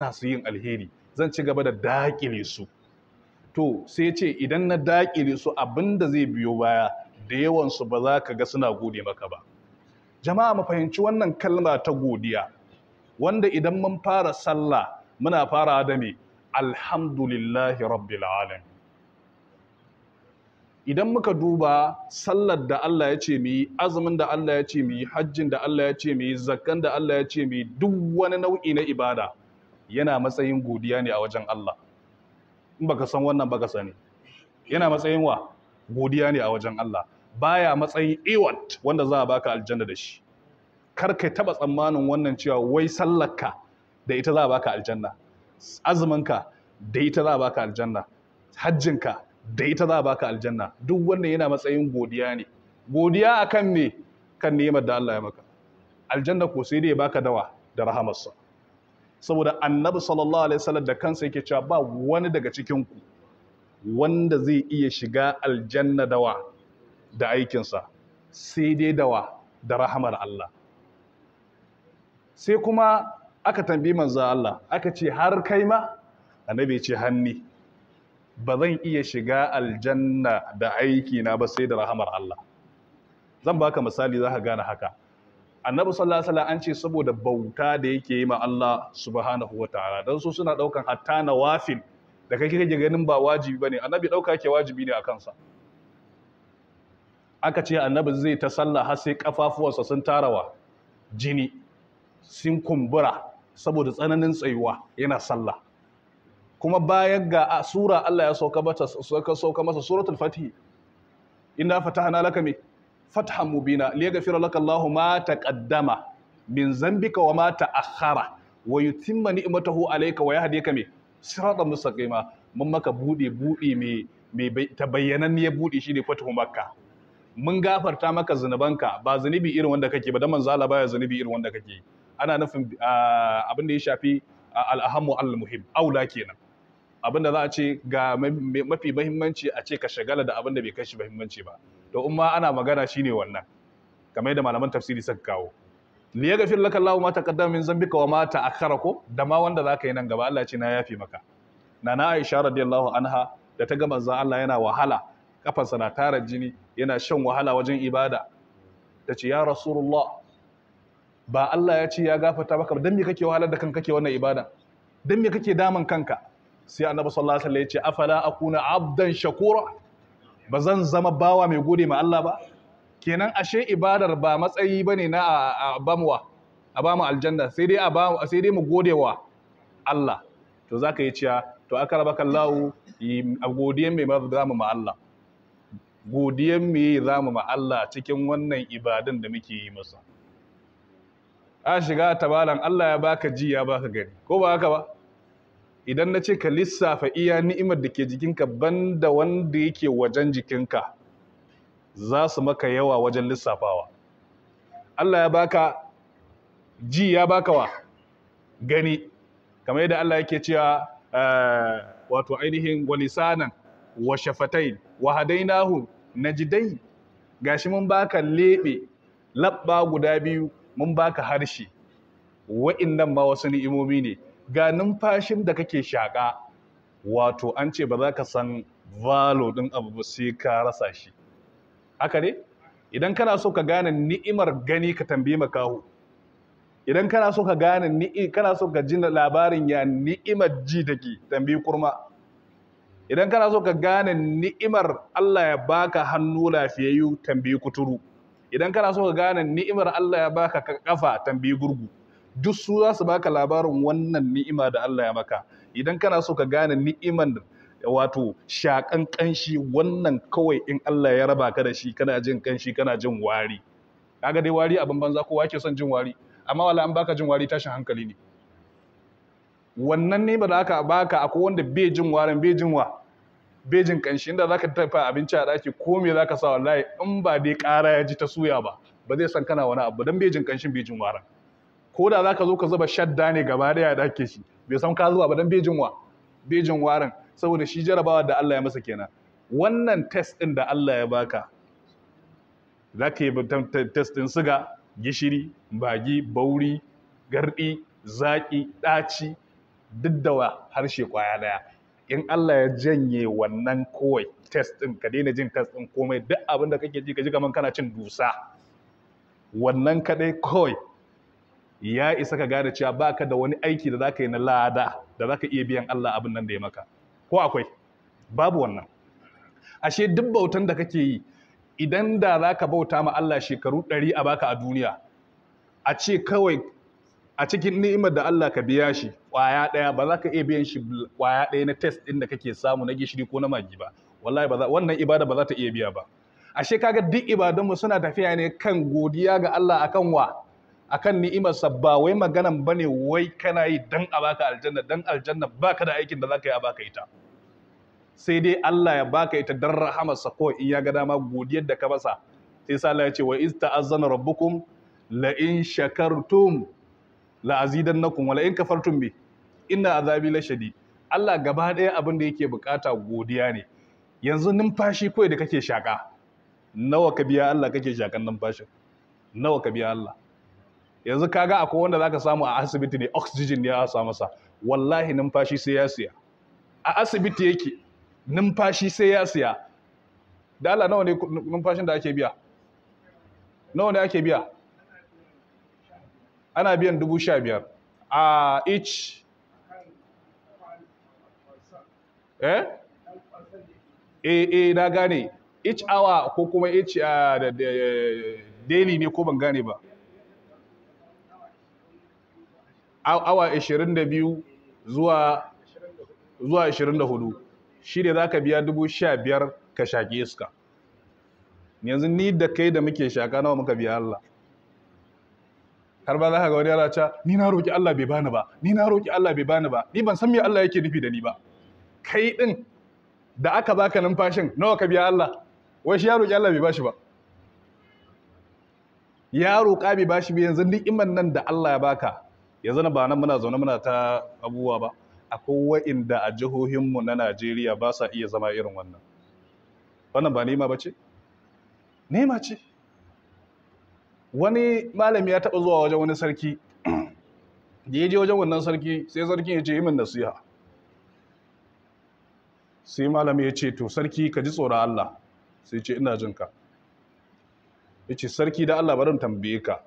na su yin alheri zan ci gaba da daƙile su to sai ce idan na daƙile su abin da zai biyo baya da yawansu ba za ka ga suna gode maka ba jama'a mu fahimci wannan kalma ta godiya wanda idan mun fara sallah muna fara da me alhamdulillahi rabbil alamin idan muka duba sallar da Allah ya ce mu yi azumin da Allah ya ce mu yi hajjin da Allah ya ce mu yi zakkan da Allah ya ce mu yi duk wani nau'i na ibada yana matsayin godiya ne a wajen Allah in baka san wannan baka sani yana matsayin wa godiya ne a wajen Allah baya matsayin iwat wanda za a baka aljanna da shi kar kai taba tsammanin wannan cewa wai sallarka da ita za a baka aljanna azuminka da ita za a baka aljanna hajjinka da ita za a baka aljanna duk wannan yana matsayin godiya ne godiya akan me kan ni'imar da Allah ya maka aljanna ko sai dai baka dawa da rahamarsa saboda annabi sallallahu alaihi wasallam da kansa yake cewa ba wani daga cikin ku wanda zai iya shiga aljanna dawa da aikinsa sai dai dawa da rahamar Allah sai kuma aka tambi manzo Allah aka ce har kai ma annabi ya ce hanni ba zan iya shiga aljanna da aiki na ba sai da rahamar Allah zan baka misali za ka gane haka annabi sallallahu alaihi wasallam an ce saboda bauta da yake yi ma Allah subhanahu wataala dan su suna daukan hatta na wafin da kai kike ganin ba wajibi bane annabi dauka yake wajibi ne a kansa aka ce annabi zai ta sallah har sai kafafuwansa sun tarawa jini sun kumbura saboda tsananin tsayuwa yana sallah kuma bayan ga sura Allah ya sauka masa suratul fatih inna fatahna laka fathan mubina liyaghfira laka Allahu ma taqaddama min zambika wa ma ta'akhkhara wa yutimma ni'matahu alayka wa yahdika me sirata mustaqima mun maka bude bude me me tabayyanan ya bude shine fatahu makka mun gafarta maka zanubanka ba zanubi irin wanda kake ba dan manzo Allah baya zanubi irin wanda kake ana nufin abin da ya shafi al'ahammu al-muhim aula kenan abin da za a ce ga mafi mahimmanci a ce ka shagala da abin da bai kai shi mahimmanci ba to in ma ana magana shine wannan kamar yadda malaman tafsiri suka kawo li yaghfir laka Allahu ma taqaddama min zambika wa ma ta'akhkhara ko da ma wanda zaka yi nan gaba Allah ce na yafi maka nana Aisha radiyallahu anha da ta ga manzon Allah yana wahala kafansa na tara jini yana shan wahala wajen ibada ta ce ya rasulullah ba Allah ya ce ya gafarta maka dan me kake wahalar da kanka kake wannan ibada dan me kake daman kanka sai annabi sallallahu alaihi wasallam ya ce afala akuna abdan shakura ba zan zama bawa mai gode ma Allah ba kenan ashe ibadar ba matsayi bane na a bamu aljanna sai dai a bamu sai dai mu godewa Allah to zaka yi ciya to akarabaka Allah a godiyen mai zamu ma Allah godiyen me zamu ma Allah cikin wannan ibadan da muke yi masa a shiga tabalan Allah ya baka ji ya baka gani ko ba haka ba idan na ce ka lissafa iya ni'imar da ke jikinka banda wanda yake wajen jikinka za su maka yawa wajen lissafawa Allah ya baka ji ya baka wa gani kamar yadda Allah yake cewa eh, wato ainihin walisanan wa shafatain wa hadainahu najidai gashi mun baka lebe labba guda biyu mun baka harshe wa'annan ma wasu ni'imomi ne ga numfashin da kake shaƙa wato an ce ba za ka san valo ɗin abu ba sai ka rasa shi haka ne idan kana so ka gane ni'imar gani ka tambayi makahu idan kana so ka gane ni'i kana so ka ji labarin ya ni'imar ji take tambayi kurma idan kana so ka gane ni'imar Allah ya baka hannu lafiyayyu tambayi kuturu idan kana so ka gane ni'imar Allah ya baka kafa tambayi gurgu duk su za su baka labarin wannan ni'ima da Allah ya maka idan kana so ka gane ni'iman wato shakan kanshi wannan kawai in Allah ya raba ka da shi kana jin kanshi kana jin wari kaga dai wari abin banza kowa ke son jin wari amma wala an baka jin wari tashin hankali ne wannan ne ba da aka baka akwai wanda bai jin warin bai jin wa bai jin kanshi inda zaka tafi abinci a daki ko me zaka sa wallahi in ba dai ƙara ya ji ta suya ba ba zai san kana wani abu dan bai jin kanshin bai jin warin ko da za ka zo ka zuba shadda ne gaba daya da ake shi bai san ka zuba ba dan bejin wa bejin warin saboda shi jarabawa da Allah ya masa kenan wannan test ɗin da Allah ya baka za ka yi test din siga gishiri bagi bauri gardi zaki ɗaci, duk da harshe kwaya daya in Allah ya janye wannan kowai test din ka daina jin test ɗin komai duk abin da kake ji ka ji kaman kana cin dusa wannan kadai kawai ya isa ka gane cewa baka da wani aiki da zaka yi na lada da zaka iya biyan Allah abin nan da ya maka ko akwai babu wannan ashe duk bautan da kake yi idan da zaka bauta ma Allah shekaru ɗari a baka a duniya a ce kawai a cikin ni'imar da Allah ka biya shi kwaya ɗaya ba za ka iya biyan shi kwaya ɗaya na test ɗin da kake samu na gishiri ko na magi ba wallahi ba wannan ibada ba za ta iya biya ba ashe kaga duk ibadunmu suna tafiya ne kan godiya ga Allah akan wa akan ni'imarsa ba wai maganan bane wai kana yi dan a baka aljanna dan aljanna baka da aikin da zaka yi a baka ita sai dai Allah ya baka ita dan rahamarsa ko in ya ga dama godiyar da ka masa sai sa Allah ya ce wa iz ta'azzana rabbukum la in shakartum la azidannakum wa la in kafartum bi inna azabi lashadi Allah gaba ɗaya abin da yake bukata godiya ne yanzu numfashi kawai da kake shaka nawa ka biya Allah kake shakan numfashin nawa ka biya Allah yanzu kaga akwai wanda zaka samu a asibiti ne oxygen ya sa masa wallahi numfashi sai ya siya a asibiti yake numfashi sai ya siya da nawa ne numfashin da ake biya nawa ne ake biya ana biyan dubu sha biyar a each eh eh na gane each hour ko kuma each ah, eh, daily ne ko ban gane ba awa 22 zuwa zuwa 24 shi ne za ka biya 15,000 ka shaƙi iska yanzu ni da kai da muke shaƙa nawa muka biya Allah har ba za ka ga wani ca ni na roƙi Allah bai bani ba ni na roƙi Allah bai bani ba ni ban san me Allah yake nufi da ni ba kai ɗin da aka baka numfashin nawa ka biya Allah wai shi ya roƙi Allah bai bashi ba ya roƙa bai bashi bai yanzu iman nan da Allah ya baka ya zana ba nan muna zaune muna ta abubuwa ba akwai wa'inda a jihohinmu na Najeriya ba sa iya zama irin wannan wannan ba nema ba ce nema ce wani malami ya taɓa zuwa wajen wani sarki da ya je wajen wannan sarki sai sarki ya ce yi min nasiha sai malami ya ce to sarki ka ji tsoron Allah sai ce ina jinka ya ce sarki da Allah barin tambaye ka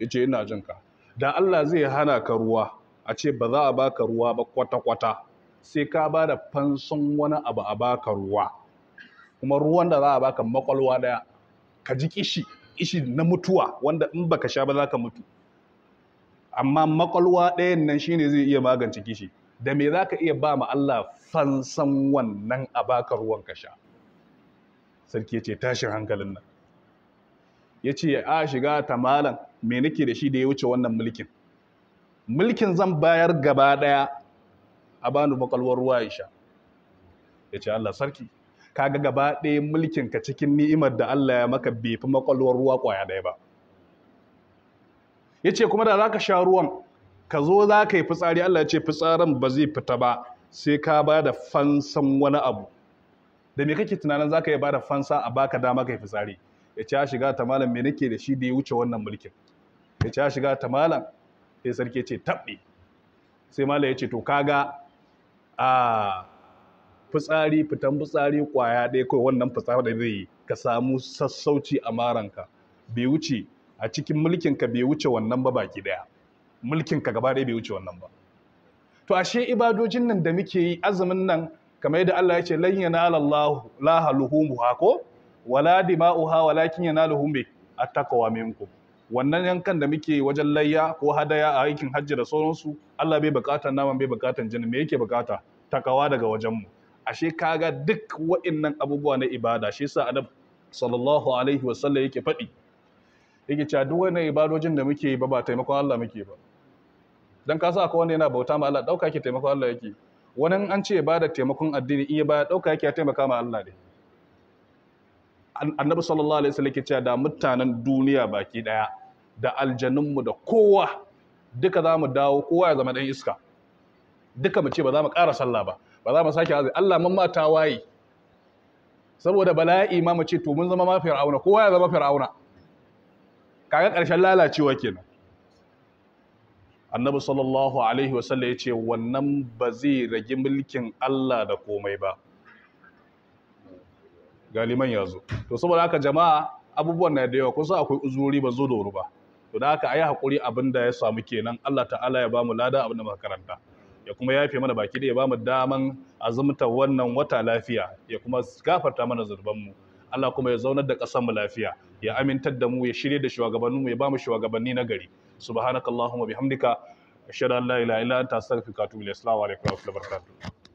ya ce ina jinka da Allah zai hana ka ruwa a ce ba za a baka ruwa ba kwata-kwata sai ka ba da fanson wani abu a baka ruwa kuma ruwan da za a baka makwalwa daya ka ji kishi ishi na mutuwa wanda in baka sha ba za ka mutu amma makwalwa ɗayan nan shine zai iya magance kishi da me za ka iya ba ma Allah fansan wannan a baka ruwan ka sha sarki ya ce tashin hankalin nan ya ce a shiga ta malam me nake da shi da ya wuce wannan mulkin mulkin zan bayar gaba ɗaya a bani bakalwar ruwa ya sha ya ce Allah sarki kaga gaba daya mulkin ka cikin ni'imar da Allah ya maka bai makalwar ruwa kwaya daya ba ya ce kuma da za ka sha ruwan ka zo za ka yi fitsari Allah ya ce fitsarin ba zai fita ba sai ka ba da fansan wani abu da me kake tunanin za ka yi ba da fansa a baka dama ka yi fitsari ya ci ya shiga ta malam me nake da shi da ya wuce wannan mulkin ya ci ya shiga ta malam sai sarki ce tabbe sai malam ya ce to kaga a fitsari fitan fitsari kwaya ɗaya kawai wannan fitsari da zai ka samu sassauci a maranka bai wuce a cikin mulkin ka bai wuce wannan ba baki daya mulkin ka gaba ɗaya bai wuce wannan ba to ashe ibadojin nan da muke yi azumin nan kamar yadda Allah ya ce lan yanala Allah la haluhum ko wala dima'uha walakin yanaluhum bi attaqwa minkum wannan yankan da muke wajen layya ko hadaya a aikin hajji da sauransu Allah bai bukatar naman bai bukatar jini me yake bukata takawa daga wajen mu ashe kaga duk wa'annan abubuwa na ibada shi yasa annabi sallallahu alaihi wasallam yake faɗi yake cewa duk wannan ibadojin da muke yi ba ba taimakon Allah muke ba dan ka sa akwai wanda yana bauta ma Allah dauka yake taimakon Allah yake wani an ce ibada taimakon addini iya ba dauka yake ya taimaka ma Allah ne annabi sallallahu alaihi wasallam ke cewa da mutanen duniya baki daya da aljanunmu da kowa duka za mu dawo kowa ya zama dan iska duka mu ce ba za mu ƙara sallah ba ba za mu sake azai Allah mun mata waye saboda bala'i ma mu ce to mun zama ma fir'auna kowa ya zama fir'auna kaga ƙarshen lalacewa kenan annabi sallallahu alaihi wasallam ya ce wannan ba zai rage mulkin Allah da komai ba galiman ya zo to saboda haka jama'a abubuwan na da yawa kusa akwai uzuri ba zo da wuri ba to da haka ayi hakuri abin da ya samu kenan Allah ta'ala ya bamu lada abin da muka karanta ya kuma yafe mana baki da ya bamu daman azumta wannan wata lafiya ya kuma gafarta mana zurban mu Allah kuma ya zaunar da ƙasar mu lafiya ya amintar da mu ya shirye da shugabannin mu ya bamu shugabanni na gari subhanakallahumma bihamdika ashhadu an la ilaha illa anta astaghfiruka wa atubu ilaik assalamu alaikum wa rahmatullahi wa barakatuh